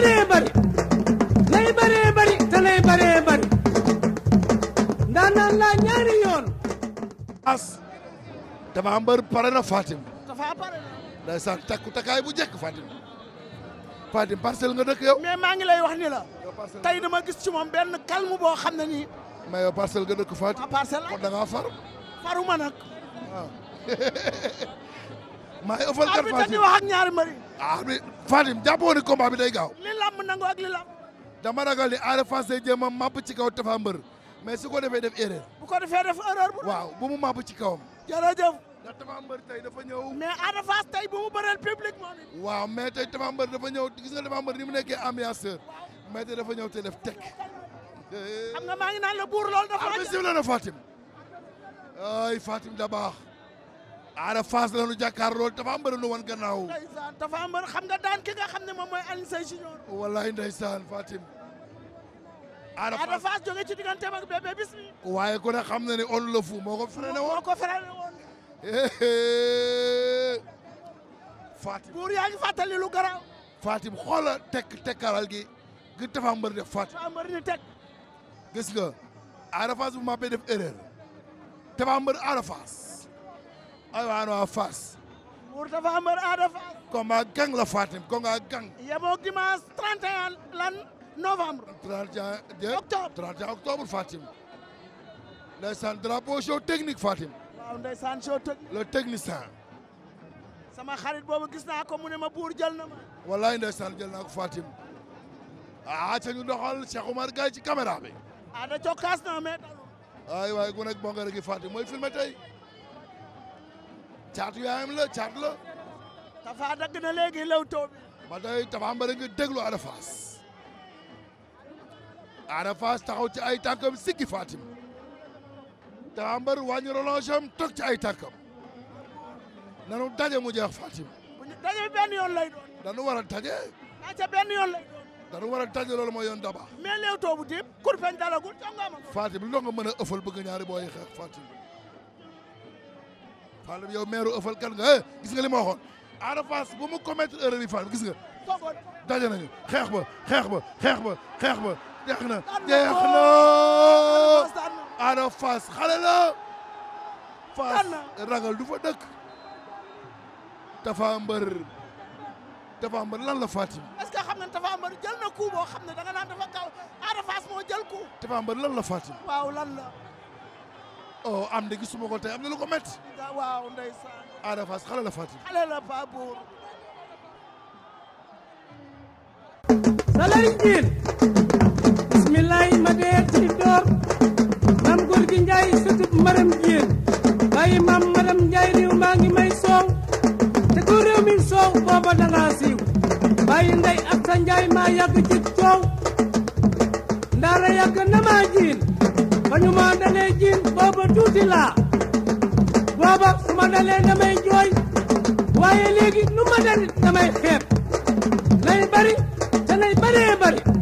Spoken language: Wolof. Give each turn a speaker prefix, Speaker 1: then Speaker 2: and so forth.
Speaker 1: bëree bëri lay bëree bëri te lay bëree ndaa naan laa ñaari yoon as dama mbër pare na Fatim dafa pare
Speaker 2: ndeysaan takku takkaay bu jekk Fatim Fatim parcelle nga dëkk yow mais maa ngi lay wax ni la tey dama gis ci moom benn calme boo xam ne nii mais yow parcelle nga dëkk Fatim ah, parcelle kon da far faruma nag waaw ah. maa ngi ëffal kër Fatim di wax ak ñaari mbëri Fatim jàppoo ni combat bi day gaaw. li làmb nangoo ak li làmb. dama ragal ni Ada Fass day jéem a màpp ci kaw Tapha mais su ko defee def erreur. bu ko defee def erreur bu. waaw bu mu màpp ci kawam. jërëjëf. ndax Tapha Mbeur tey dafa ñëw. mais Ada tey bu mu bëreel public moom it. waaw mais tey Tapha Mbeur dafa ñëw gis nga Tapha Mbeur ni mu nekkee ambianceur mais tey dafa ñëw te def tek. xam nga maa ngi naan la buur loolu dafa. arbitre bi la na Fatim. ay Fatim da Ada Fass la ñu jàkkaar lool Tapha Mbeur lu woon gannaaw. ndeysaan Tapha Mbeur xam nga daan ki nga xam ne moom mooy Junior. wallaay ndeysaan Fatim. Ada Fass Ada Fass jóge ci digganteem ak bébé bis mi. waaye ku ne xam na on le fou moo ko freiné woon moo ko Fatim buur yaa ngi fàttali lu garaaw. Fatim xoola tek tekkaaral gi gi Tapha Mbeur def Fatim. Tapha Mbeur ni tek gis nga Ada Fass bu ma bay def erreur Tapha Mbeur Ada Fass. ay waan waa Fass. Mbour dafa am mbër Ada Fass. combat gang la Fatim combat gang. yemoo dimanche 31 lan novembre. 31 octobre 31 octobre Fatim. ndeysaan drapeau show technique Fatim. waaw le technicien. sama xarit boobu gis naa ko mu ma buur jël na ma. wallaay ndeysaan jël naa ko Fatim. ah ca ñu doxal Cheikh Oumar Gaye ci caméra bi. Ada ah, cokkaas na mais. ay waay gu nekk bongo rek mooy filmé tey. caatu yaayam la caatu la. Tafa dagg na léegi lewtoo bi. ba tey Tapha Mbeur ngi déglu Ada Fass. Ada taxaw ci ay tànkam siggi Fatim. Tapha Mbeur wàññi relance ci ay tànkam. nanu daje mu jeex Fatim. bu daje benn yoon lay doon. dañu war a daje. daje benn yoon lay doon. dañu war a daje loolu mooy yoon daba. mais lewtoo bu diib. kurpeñ dalagul coono nga amagul. Fatim lu nga mën a ëffal bëgg ñaari xeex Fatim. Fall yow maire ëffal kan nga gis nga li ma waxoon Ada Fass bu mu commettre erreur yi Fall gis nga daje nañu xeex ba xeex ba xeex ba xeex ba jeex na jeex na xale la Fass ragal du fa dëkk Tapha Mbeur Tapha Mbeur lan la Fatim est-ce que xam nga Mbeur jël na coup boo xam ne da nga naan dafa kaw Ada Fass moo jël coup Tapha Mbeur lan la Fatim waaw lan la oh am jiin.
Speaker 1: bismillahi ma dee ci door. maam góor Njaay sëtub maram jiin. bàyyi maam maram Njaay réew maa ngi may soow. te ku réew mi soow booba dangaa siiw. bàyyi ndey ak sa Njaay maa yàgg ci coow. ndaara yàgg na maa jiin. ba ñu ma dalee jiin booba tuuti laa booba su ma dalee damay jooy waaye léegi nu ma dalit damay xeeb nay bari te nay baree bari